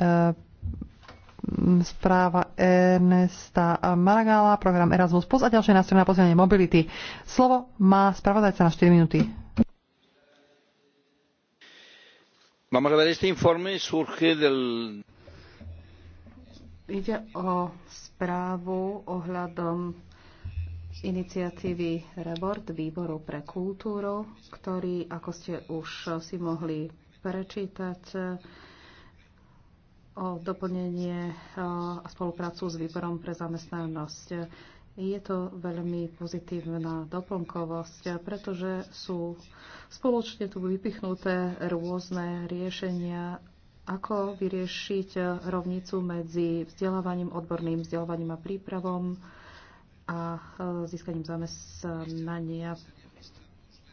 Ehm, správa Ernesta Maragala, program Erasmus Plus a ďalšie nástroje na pozvanie mobility. Slovo má spravodajca na 4 minúty. Vamos a ver este informe surge del... Ide o správu ohľadom iniciatívy Rebord Výboru pre kultúru, ktorý, ako ste už si mohli prečítať, o doplnenie e, a spoluprácu s výborom pre zamestnanosť. Je to veľmi pozitívna doplnkovosť, pretože sú spoločne tu vypichnuté rôzne riešenia, ako vyriešiť rovnicu medzi vzdelávaním, odborným vzdelávaním a prípravom a e, získaním zamestnania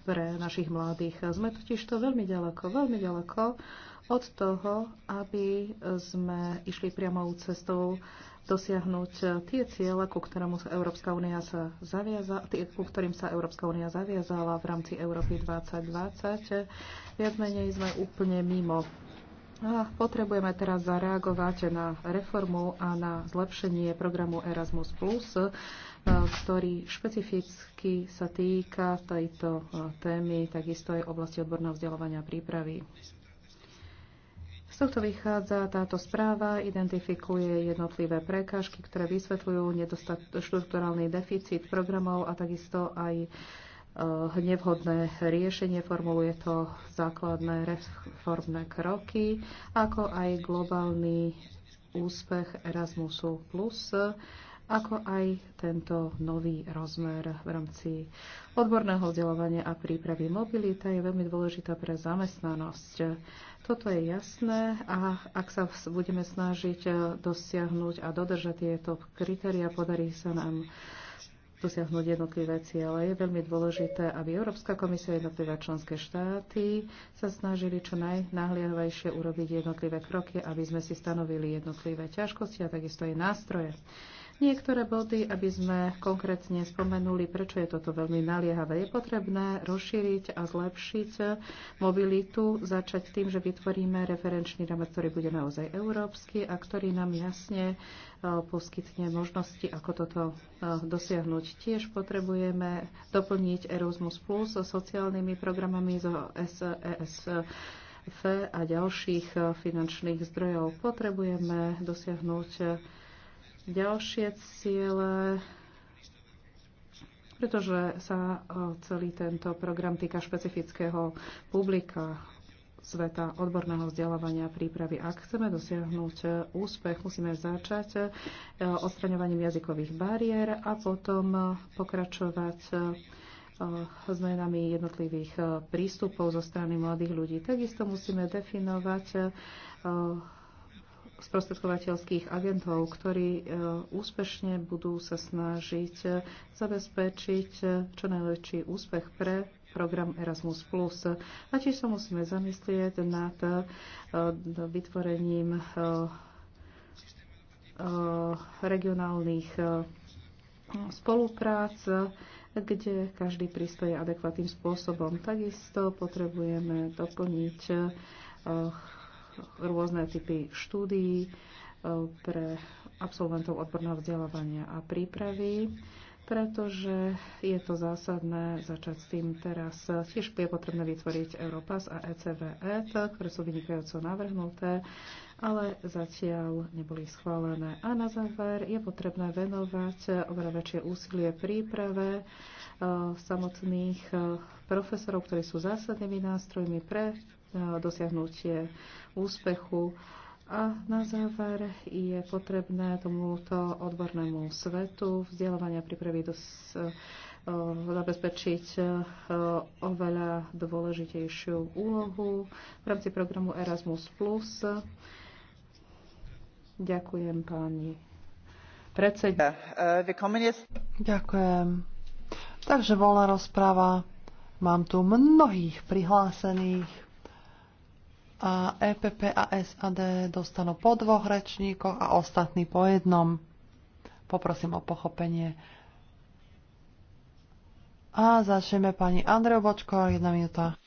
pre našich mladých. Sme totiž to veľmi ďaleko, veľmi ďaleko od toho, aby sme išli priamou cestou dosiahnuť tie ciele, ku, sa Európska únia sa zaviaza, tie, ku ktorým sa Európska únia zaviazala v rámci Európy 2020. Viac menej sme úplne mimo. A potrebujeme teraz zareagovať na reformu a na zlepšenie programu Erasmus+, ktorý špecificky sa týka tejto e, témy, takisto aj oblasti odborného vzdelávania a prípravy. Z tohto vychádza táto správa, identifikuje jednotlivé prekážky, ktoré vysvetľujú štruktúrálny deficit programov a takisto aj e, nevhodné riešenie, formuluje to základné reformné kroky, ako aj globálny úspech Erasmusu+, plus, ako aj tento nový rozmer v rámci odborného vzdelávania a prípravy. Mobilita je veľmi dôležitá pre zamestnanosť. Toto je jasné a ak sa budeme snažiť eh, dosiahnuť a dodržať tieto kritéria, podarí sa nám dosiahnuť jednotlivé ciele. Je veľmi dôležité, aby Európska komisia a jednotlivé členské štáty sa snažili čo najnáhliavejšie urobiť jednotlivé kroky, aby sme si stanovili jednotlivé ťažkosti a takisto aj nástroje niektoré body, aby sme konkrétne spomenuli, prečo je toto veľmi naliehavé. Je potrebné rozšíriť a zlepšiť mobilitu, začať tým, že vytvoríme referenčný rámec, ktorý bude naozaj európsky a ktorý nám jasne e, poskytne možnosti, ako toto e, dosiahnuť. Tiež potrebujeme doplniť Erasmus Plus so sociálnymi programami zo SES a ďalších e, finančných zdrojov. Potrebujeme dosiahnuť ďalšie ciele, pretože sa e, celý tento program týka špecifického publika sveta odborného vzdelávania a prípravy. Ak chceme dosiahnuť e, úspech, musíme začať e, odstraňovaním jazykových bariér a potom pokračovať zmenami jednotlivých prístupov zo strany mladých ľudí. Takisto musíme definovať sprostredkovateľských agentov, ktorí e, úspešne budú sa snažiť e, zabezpečiť e, čo najväčší úspech pre program Erasmus+. A tiež sa musíme zamyslieť nad vytvorením regionálnych spoluprác, kde každý prispieje adekvátnym spôsobom. Takisto potrebujeme doplniť rôzne typy štúdií e, pre absolventov odborného vzdelávania a prípravy pretože je to zásadné začať s tým teraz. Tiež je potrebné vytvoriť Europass a ECVET, ktoré sú vynikajúco navrhnuté, ale zatiaľ neboli schválené. A na záver je potrebné venovať oveľa väčšie úsilie príprave e, samotných e, profesorov, ktorí sú zásadnými nástrojmi pre E, dosiahnutie úspechu. A na záver je potrebné tomuto odbornému svetu vzdelávania pripraviť dos, e, e, zabezpečiť oveľa dôležitejšiu úlohu v rámci programu Erasmus+. Ďakujem pani predseda. Uh, Ďakujem. Takže voľná rozpráva. Mám tu mnohých prihlásených a EPP a SAD dostanú po dvoch rečníkoch a ostatní po jednom. Poprosím o pochopenie. A začneme pani Andreu Bočko, jedna minúta.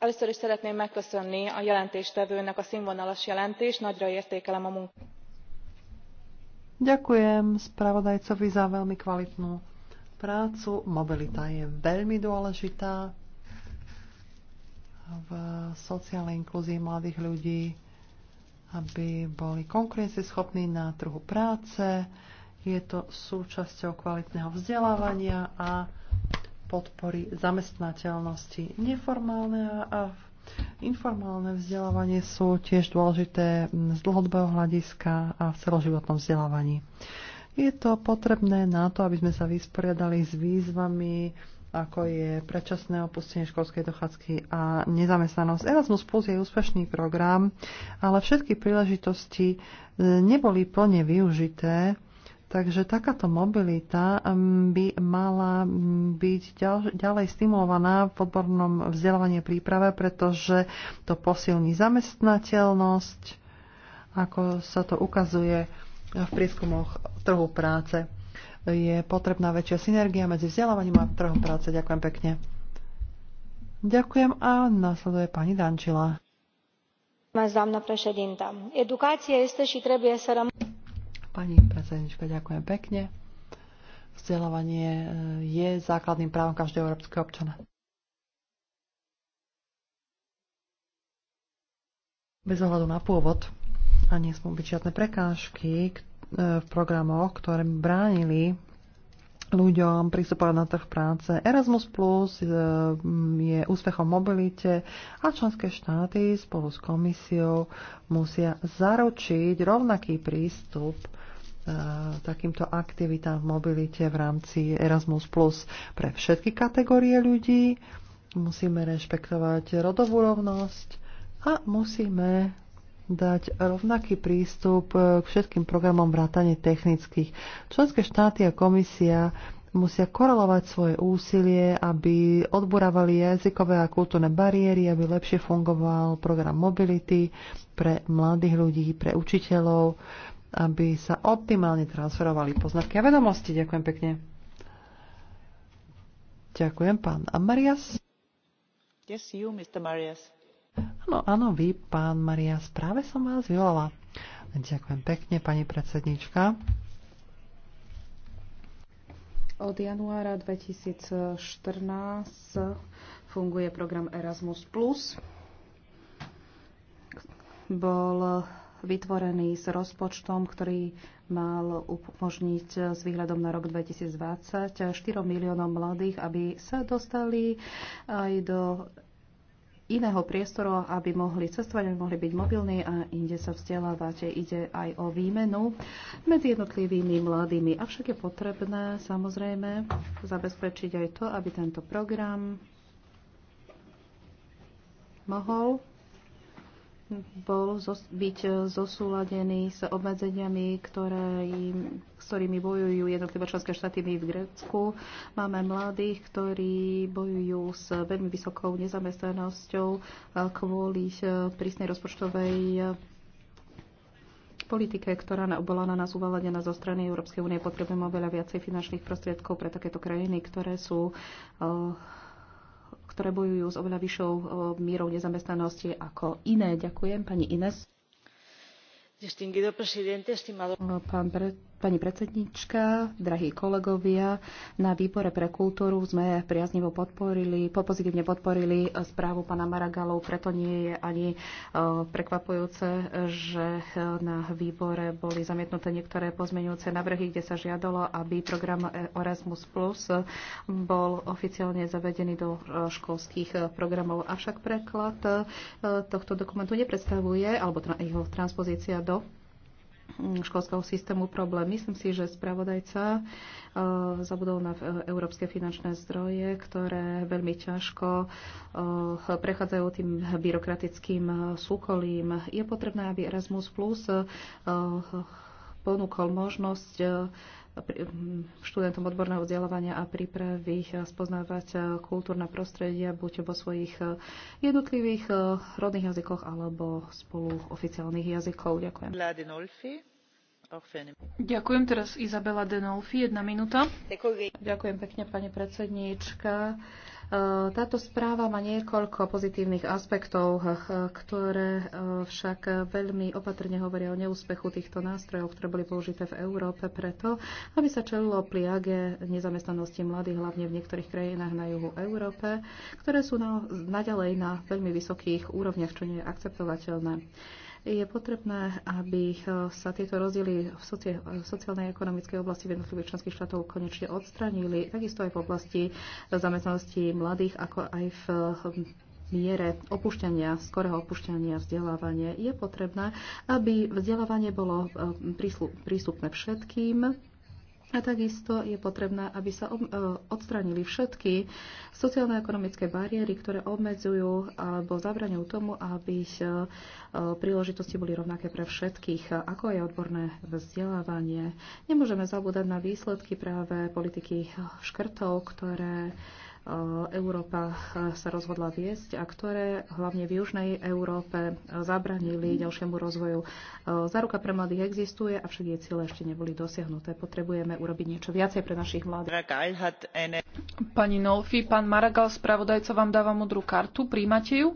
Először is szeretném megköszönni a jelentéstevőnek a színvonalas jelentést, nagyra értékelem a munkát. Ďakujem spravodajcovi za veľmi kvalitnú prácu. Mobilita je veľmi dôležitá v sociálnej inklúzii mladých ľudí, aby boli konkurencieschopní na trhu práce. Je to súčasťou kvalitného vzdelávania a podpory zamestnateľnosti. Neformálne a informálne vzdelávanie sú tiež dôležité z dlhodobého hľadiska a v celoživotnom vzdelávaní. Je to potrebné na to, aby sme sa vysporiadali s výzvami, ako je predčasné opustenie školskej dochádzky a nezamestnanosť. Erasmus Plus je úspešný program, ale všetky príležitosti e, neboli plne využité, takže takáto mobilita by mala byť ďalej stimulovaná v odbornom vzdelávaní príprave, pretože to posilní zamestnateľnosť, ako sa to ukazuje v prieskumoch trhu práce je potrebná väčšia synergia medzi vzdelávaním a trhom práce. Ďakujem pekne. Ďakujem a nasleduje pani Dančila. trebuie Pani predsednička, ďakujem pekne. Vzdelávanie e, je základným právom každého európskeho občana. Bez ohľadu na pôvod a nesmú byť žiadne prekážky, E, v programoch, ktoré bránili ľuďom pristupovať na trh práce. Erasmus Plus e, je úspechom mobilite a členské štáty spolu s komisiou musia zaručiť rovnaký prístup e, takýmto aktivitám v mobilite v rámci Erasmus Plus pre všetky kategórie ľudí. Musíme rešpektovať rodovú rovnosť a musíme dať rovnaký prístup e, k všetkým programom vrátane technických. Členské štáty a komisia musia korelovať svoje úsilie, aby odburávali jazykové a kultúrne bariéry, aby lepšie fungoval program mobility pre mladých ľudí, pre učiteľov, aby sa optimálne transferovali poznatky a vedomosti. Ďakujem pekne. Ďakujem, pán Amarias. Yes, you, Mr. Marias. Áno, áno, vy, pán Maria, správe som vás vyvolala. Ďakujem pekne, pani predsednička. Od januára 2014 funguje program Erasmus+. Bol vytvorený s rozpočtom, ktorý mal umožniť s výhľadom na rok 2020 4 miliónov mladých, aby sa dostali aj do iného priestoru, aby mohli cestovať, aby mohli byť mobilní a inde sa vzdelávať. Ide aj o výmenu medzi jednotlivými mladými. Avšak je potrebné samozrejme zabezpečiť aj to, aby tento program mohol bol zos, byť e, zosúladený s obmedzeniami, ktoré im, s ktorými bojujú jednotlivé členské štáty my v Grécku. Máme mladých, ktorí bojujú s veľmi vysokou nezamestnanosťou e, kvôli e, prísnej rozpočtovej politike, ktorá bola na nás uvalená zo strany Európskej únie. Potrebujeme oveľa viacej finančných prostriedkov pre takéto krajiny, ktoré sú ktoré bojujú s oveľa vyššou eh, mierou nezamestnanosti ako iné. Ďakujem, pani Ines. Pán pred, Pani predsednička, drahí kolegovia, na výbore pre kultúru sme priaznivo podporili, pozitívne podporili eh, správu pana Maragalov, preto nie je ani eh, prekvapujúce, že eh, na výbore boli zamietnuté niektoré pozmeňujúce navrhy, kde sa žiadalo, aby program Erasmus Plus bol oficiálne zavedený do školských programov. Avšak preklad tohto dokumentu nepredstavuje, alebo jeho transpozícia do školského systému problém. Myslím si, že spravodajca e, zabudol na e, európske finančné zdroje, ktoré veľmi ťažko e, prechádzajú tým byrokratickým súkolím. Je potrebné, aby Erasmus Plus ponúkol možnosť Mm, študentom odborného vzdelávania a prípravy ich eh, spoznávať eh, kultúrne prostredia buď vo svojich eh, jednotlivých rodných jazykoch alebo spolu oficiálnych jazykov. Ďakujem. Ďakujem teraz Izabela Denolfi, jedna minúta. Ďakujem pekne, pani predsedníčka. Táto správa má niekoľko pozitívnych aspektov, eh, ktoré eh, však veľmi opatrne hovoria o neúspechu týchto nástrojov, ktoré boli použité v Európe preto, aby sa čelilo pliage nezamestnanosti mladých, hlavne v niektorých krajinách na juhu Európe, ktoré sú naďalej na veľmi vysokých úrovniach, čo nie je akceptovateľné je potrebné, aby eh, sa tieto rozdiely v, soci- sociálnej a ekonomickej oblasti v jednotlivých členských štátov konečne odstranili, takisto aj v oblasti zamestnanosti mladých, ako aj v hm, miere opušťania, skorého opušťania vzdelávanie je potrebné, aby vzdelávanie bolo eh, prístupné všetkým a takisto je potrebné, aby sa e, odstranili všetky sociálne a ekonomické bariéry, ktoré obmedzujú alebo zabraňujú tomu, aby e, príležitosti boli rovnaké pre všetkých, ako aj odborné vzdelávanie. Nemôžeme zabúdať na výsledky práve politiky škrtov, ktoré E, Európa e, sa rozhodla viesť a ktoré hlavne v južnej Európe e, zabranili ďalšiemu rozvoju. Záruka pre mladých existuje, avšak jej cíle ešte neboli dosiahnuté. Potrebujeme urobiť niečo viacej pre našich mladých. Pani Nolfi, pán Maragal, spravodajca vám dáva modrú kartu. Príjmate ju?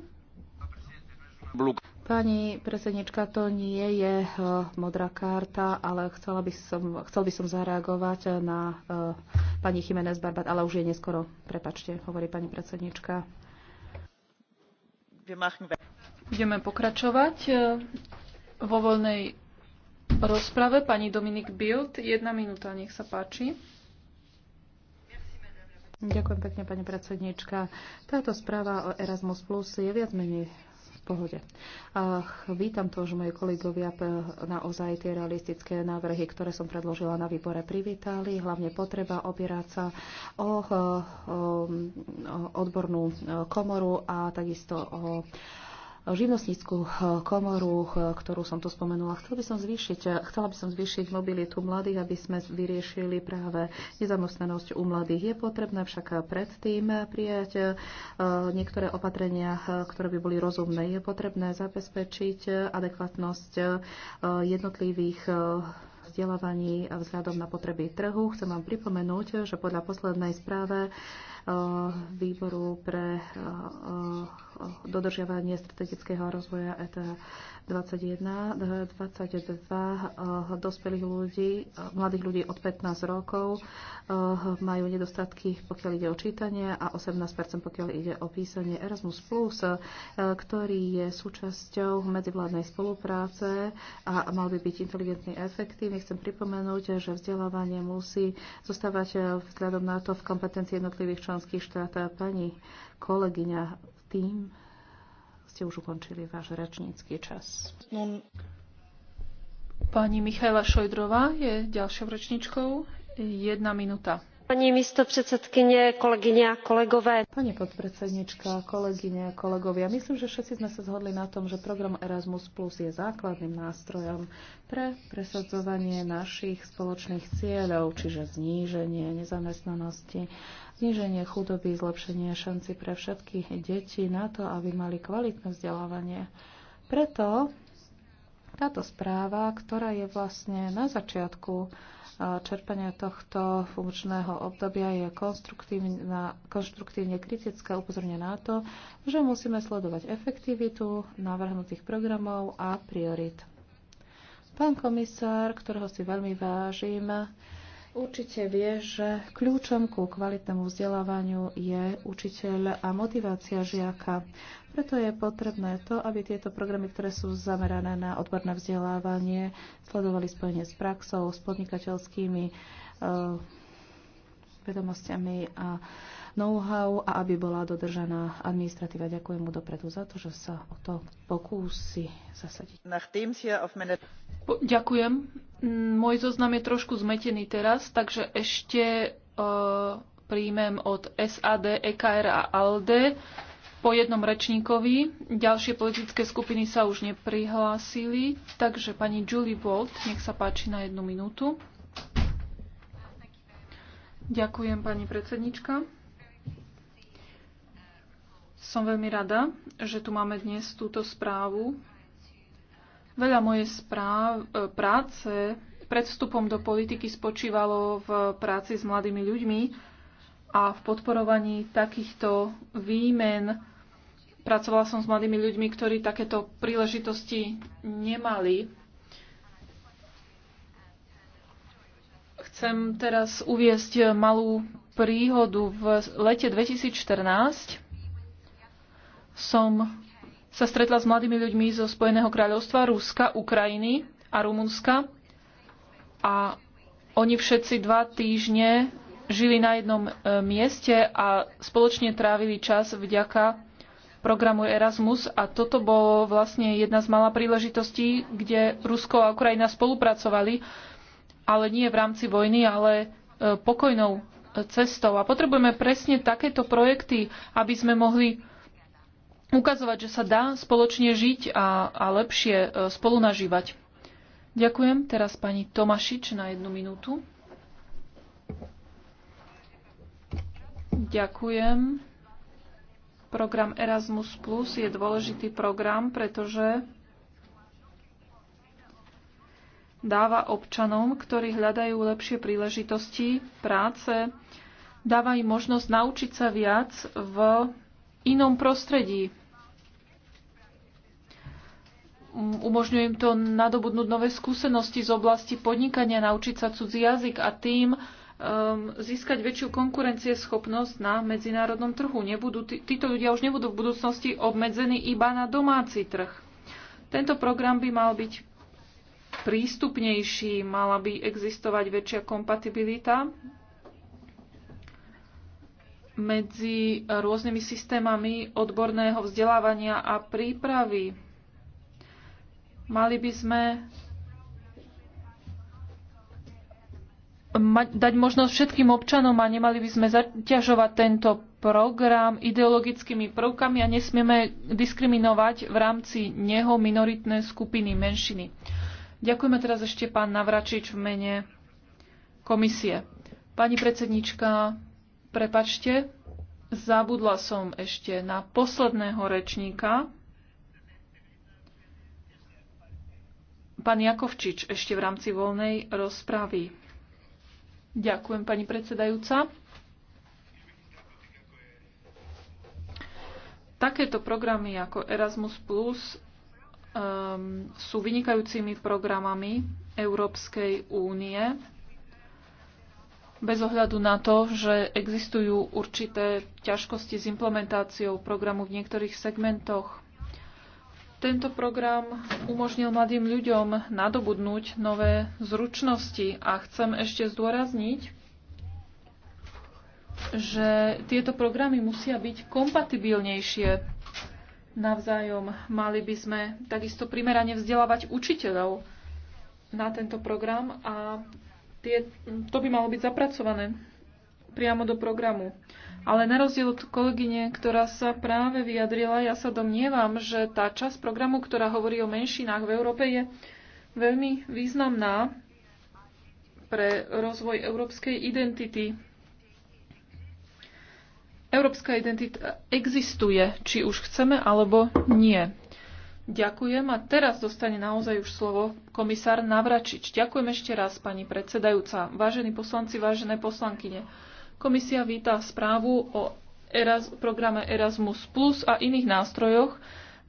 Pani predsednička, to nie je eh, modrá karta, ale chcela by som, chcel by som zareagovať eh, na eh, pani Jiménez Barbat, ale už je neskoro. Prepačte, hovorí pani predsednička. Budeme pokračovať vo voľnej rozprave. Pani Dominik Bild, jedna minúta, nech sa páči. Ďakujem pekne, pani predsednička. Táto správa o Erasmus Plus je viac menej pohode. Ach, vítam to, že moji kolegovia naozaj tie realistické návrhy, ktoré som predložila na výbore, privítali. Hlavne potreba opierať sa o, o, o odbornú komoru a takisto o živnostníckú eh, komoru, eh, ktorú som tu spomenula. Chcel by som zvýšiť, eh, chcela by som zvýšiť mobilitu mladých, aby sme vyriešili práve nezamestnanosť u mladých. Je potrebné však predtým prijať niektoré opatrenia, ktoré by boli rozumné. Je potrebné zabezpečiť adekvátnosť jednotlivých vzdelávaní vzhľadom na potreby trhu. Chcem vám pripomenúť, že podľa poslednej správe Eh, výboru pre eh, dodržiavanie strategického rozvoja ETA 21, 22 dospelých ľudí, eh, mladých ľudí od 15 rokov majú nedostatky, pokiaľ ide o čítanie a 18 pokiaľ ide o písanie Erasmus+, ktorý je súčasťou medzivládnej spolupráce a mal by byť inteligentný a efektívny. Chcem pripomenúť, že vzdelávanie musí zostávať vzhľadom na to v kompetencii jednotlivých členov členských štát. Pani kolegyňa, tým ste už ukončili váš rečnícky čas. Pani Michaela Šojdrová je ďalšou rečníčkou. Jedna minúta. Pani podpredsedníčka kolegyne a kolegové. Pani kolegovia, myslím, že všetci sme sa zhodli na tom, že program Erasmus Plus je základným nástrojom pre presadzovanie našich spoločných cieľov, čiže zníženie nezamestnanosti, zníženie chudoby, zlepšenie šanci pre všetky deti na to, aby mali kvalitné vzdelávanie. Preto táto správa, ktorá je vlastne na začiatku čerpania tohto funkčného obdobia je konštruktívne kritická, upozorňuje na to, že musíme sledovať efektivitu navrhnutých programov a priorit. Pán komisár, ktorého si veľmi vážim, Určite vie, že kľúčom ku kvalitnému vzdelávaniu je učiteľ a motivácia žiaka. Preto je potrebné to, aby tieto programy, ktoré sú zamerané na odborné vzdelávanie, sledovali spojenie s praxou, s podnikateľskými uh, vedomostiami a know-how a aby bola dodržaná administratíva. Ďakujem mu dopredu za to, že sa o to pokúsi zasadiť. Ďakujem. Mm, môj zoznam je trošku zmetený teraz, takže ešte e, príjmem od SAD, EKR a ALDE po jednom rečníkovi. Ďalšie politické skupiny sa už neprihlásili, takže pani Julie Bolt, nech sa páči na jednu minútu. Ďakujem, pani predsednička. Som veľmi rada, že tu máme dnes túto správu Veľa mojej správ, e, práce pred vstupom do politiky spočívalo v práci s mladými ľuďmi a v podporovaní takýchto výmen. Pracovala som s mladými ľuďmi, ktorí takéto príležitosti nemali. Chcem teraz uviesť malú príhodu. V lete 2014 som sa stretla s mladými ľuďmi zo Spojeného kráľovstva, Ruska, Ukrajiny a Rumunska. A oni všetci dva týždne žili na jednom e, mieste a spoločne trávili čas vďaka programu Erasmus a toto bolo vlastne jedna z malá príležitostí, kde Rusko a Ukrajina spolupracovali, ale nie v rámci vojny, ale e, pokojnou e, cestou. A potrebujeme presne takéto projekty, aby sme mohli ukazovať, že sa dá spoločne žiť a, a lepšie e, spolunažívať. Ďakujem. Teraz pani Tomašič na jednu minútu. Ďakujem. Program Erasmus Plus je dôležitý program, pretože dáva občanom, ktorí hľadajú lepšie príležitosti práce, dáva im možnosť naučiť sa viac v inom prostredí, umožňuje im to nadobudnúť nové skúsenosti z oblasti podnikania, naučiť sa cudzí jazyk a tým um, získať väčšiu konkurencieschopnosť na medzinárodnom trhu. Nebudú, tí, títo ľudia už nebudú v budúcnosti obmedzení iba na domáci trh. Tento program by mal byť prístupnejší, mala by existovať väčšia kompatibilita medzi rôznymi systémami odborného vzdelávania a prípravy Mali by sme dať možnosť všetkým občanom a nemali by sme zaťažovať tento program ideologickými prvkami a nesmieme diskriminovať v rámci neho minoritné skupiny, menšiny. Ďakujeme teraz ešte pán Navračič v mene komisie. Pani predsednička, prepačte, zabudla som ešte na posledného rečníka. Pán Jakovčič ešte v rámci voľnej rozpravy. Ďakujem, pani predsedajúca. Takéto programy ako Erasmus Plus um, sú vynikajúcimi programami Európskej únie bez ohľadu na to, že existujú určité ťažkosti s implementáciou programu v niektorých segmentoch tento program umožnil mladým ľuďom nadobudnúť nové zručnosti a chcem ešte zdôrazniť, že tieto programy musia byť kompatibilnejšie navzájom. Mali by sme takisto primerane vzdelávať učiteľov na tento program a tie, to by malo byť zapracované priamo do programu. Ale na rozdiel od kolegyne, ktorá sa práve vyjadrila, ja sa domnievam, že tá časť programu, ktorá hovorí o menšinách v Európe, je veľmi významná pre rozvoj európskej identity. Európska identita existuje, či už chceme alebo nie. Ďakujem a teraz dostane naozaj už slovo komisár Navračič. Ďakujem ešte raz, pani predsedajúca, vážení poslanci, vážené poslankyne. Komisia víta správu o programe Erasmus Plus a iných nástrojoch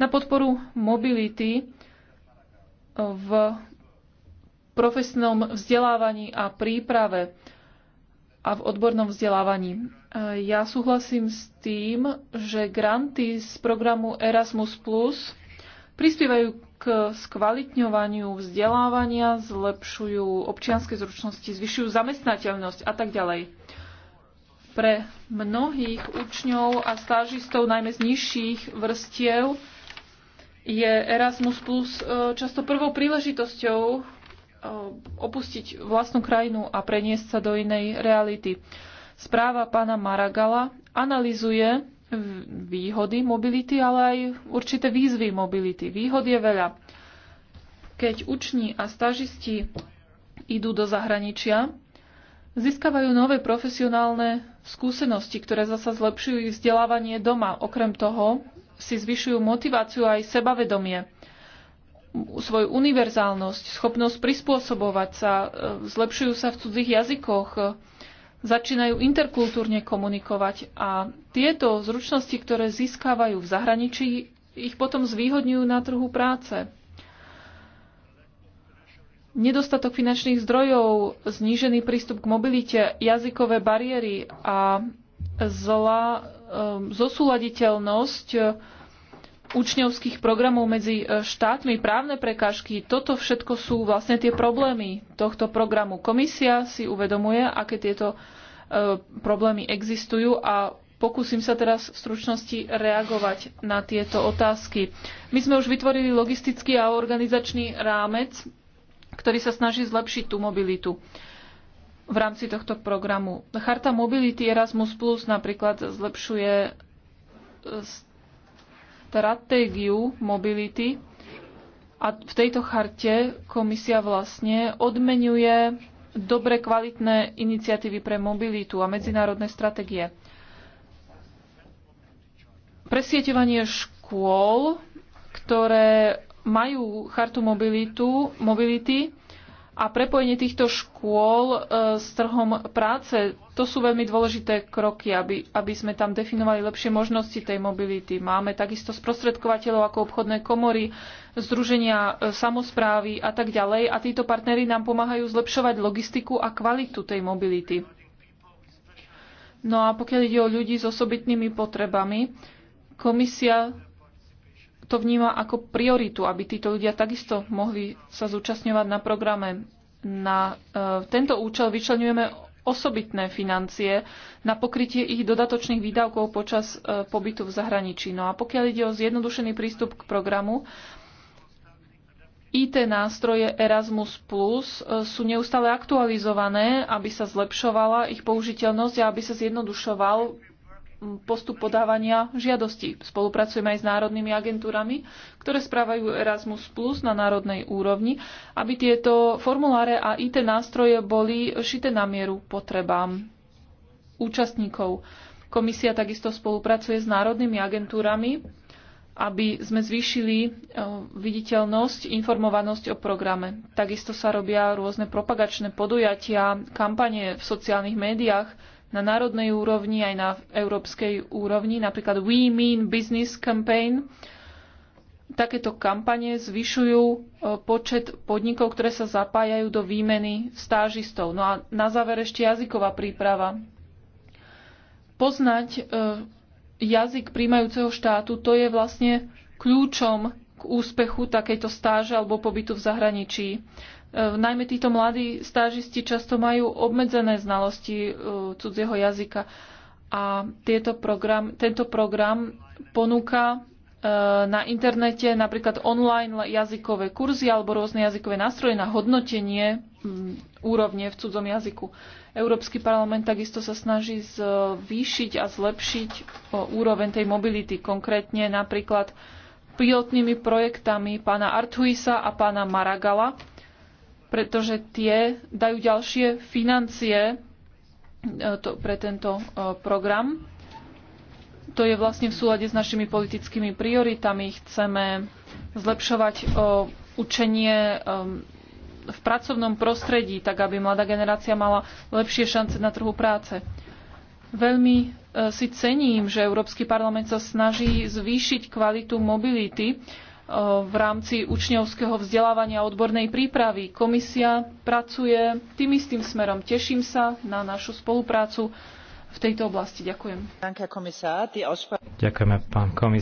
na podporu mobility e, v profesnom vzdelávaní a príprave a v odbornom vzdelávaní. E, ja súhlasím s tým, že granty z programu Erasmus Plus prispievajú k skvalitňovaniu vzdelávania, zlepšujú občianske zručnosti, zvyšujú zamestnateľnosť a tak ďalej. Pre mnohých učňov a stážistov, najmä z nižších vrstiev, je Erasmus Plus e, často prvou príležitosťou e, opustiť vlastnú krajinu a preniesť sa do inej reality. Správa pána Maragala analizuje výhody mobility, ale aj určité výzvy mobility. Výhod je veľa. Keď uční a stažisti idú do zahraničia, získavajú nové profesionálne skúsenosti, ktoré zasa zlepšujú ich vzdelávanie doma. Okrem toho si zvyšujú motiváciu aj sebavedomie, svoju univerzálnosť, schopnosť prispôsobovať sa, e, zlepšujú sa v cudzích jazykoch, e, začínajú interkultúrne komunikovať a tieto zručnosti, ktoré získavajú v zahraničí, ich potom zvýhodňujú na trhu práce nedostatok finančných zdrojov, znížený prístup k mobilite, jazykové bariéry a zlá ehm, zosúladiteľnosť e, učňovských programov medzi e, štátmi, právne prekážky, toto všetko sú vlastne tie problémy tohto programu. Komisia si uvedomuje, aké tieto e, problémy existujú a pokúsim sa teraz v stručnosti reagovať na tieto otázky. My sme už vytvorili logistický a organizačný rámec ktorý sa snaží zlepšiť tú mobilitu v rámci tohto programu. Charta mobility Erasmus Plus napríklad zlepšuje e, stratégiu mobility a v tejto charte komisia vlastne odmenuje dobre kvalitné iniciatívy pre mobilitu a medzinárodné stratégie. Presieťovanie škôl, ktoré majú chartu mobilitu, mobility a prepojenie týchto škôl e, s trhom práce. To sú veľmi dôležité kroky, aby, aby sme tam definovali lepšie možnosti tej mobility. Máme takisto sprostredkovateľov ako obchodné komory, združenia e, samozprávy a tak ďalej. A títo partnery nám pomáhajú zlepšovať logistiku a kvalitu tej mobility. No a pokiaľ ide o ľudí s osobitnými potrebami, komisia to vníma ako prioritu, aby títo ľudia takisto mohli sa zúčastňovať na programe. Na e, tento účel vyčlenujeme osobitné financie na pokrytie ich dodatočných výdavkov počas e, pobytu v zahraničí. No a pokiaľ ide o zjednodušený prístup k programu, IT nástroje Erasmus Plus e, sú neustále aktualizované, aby sa zlepšovala ich použiteľnosť a aby sa zjednodušoval postup podávania žiadosti. Spolupracujeme aj s národnými agentúrami, ktoré správajú Erasmus Plus na národnej úrovni, aby tieto formuláre a IT nástroje boli šité na mieru potrebám účastníkov. Komisia takisto spolupracuje s národnými agentúrami, aby sme zvýšili e, viditeľnosť, informovanosť o programe. Takisto sa robia rôzne propagačné podujatia, kampanie v sociálnych médiách, na národnej úrovni, aj na európskej úrovni, napríklad We Mean Business Campaign. Takéto kampane zvyšujú e, počet podnikov, ktoré sa zapájajú do výmeny stážistov. No a na záver ešte jazyková príprava. Poznať e, jazyk príjmajúceho štátu, to je vlastne kľúčom k úspechu takejto stáže alebo pobytu v zahraničí. E, najmä títo mladí stážisti často majú obmedzené znalosti e, cudzieho jazyka a tieto program, tento program ponúka e, na internete napríklad online jazykové kurzy alebo rôzne jazykové nástroje na hodnotenie úrovne v cudzom jazyku. Európsky parlament takisto sa snaží zvýšiť a zlepšiť úroveň tej mobility, konkrétne napríklad pilotnými projektami pána Artuisa a pána Maragala, pretože tie dajú ďalšie financie e, pre tento e, program. To je vlastne v súlade s našimi politickými prioritami. Chceme zlepšovať e, učenie v pracovnom prostredí, tak aby mladá generácia mala lepšie šance na trhu práce. Veľmi si cením, že Európsky parlament sa snaží zvýšiť kvalitu mobility v rámci učňovského vzdelávania a odbornej prípravy. Komisia pracuje tým istým smerom. Teším sa na našu spoluprácu v tejto oblasti. Ďakujem. Ďakujeme, pán komisár.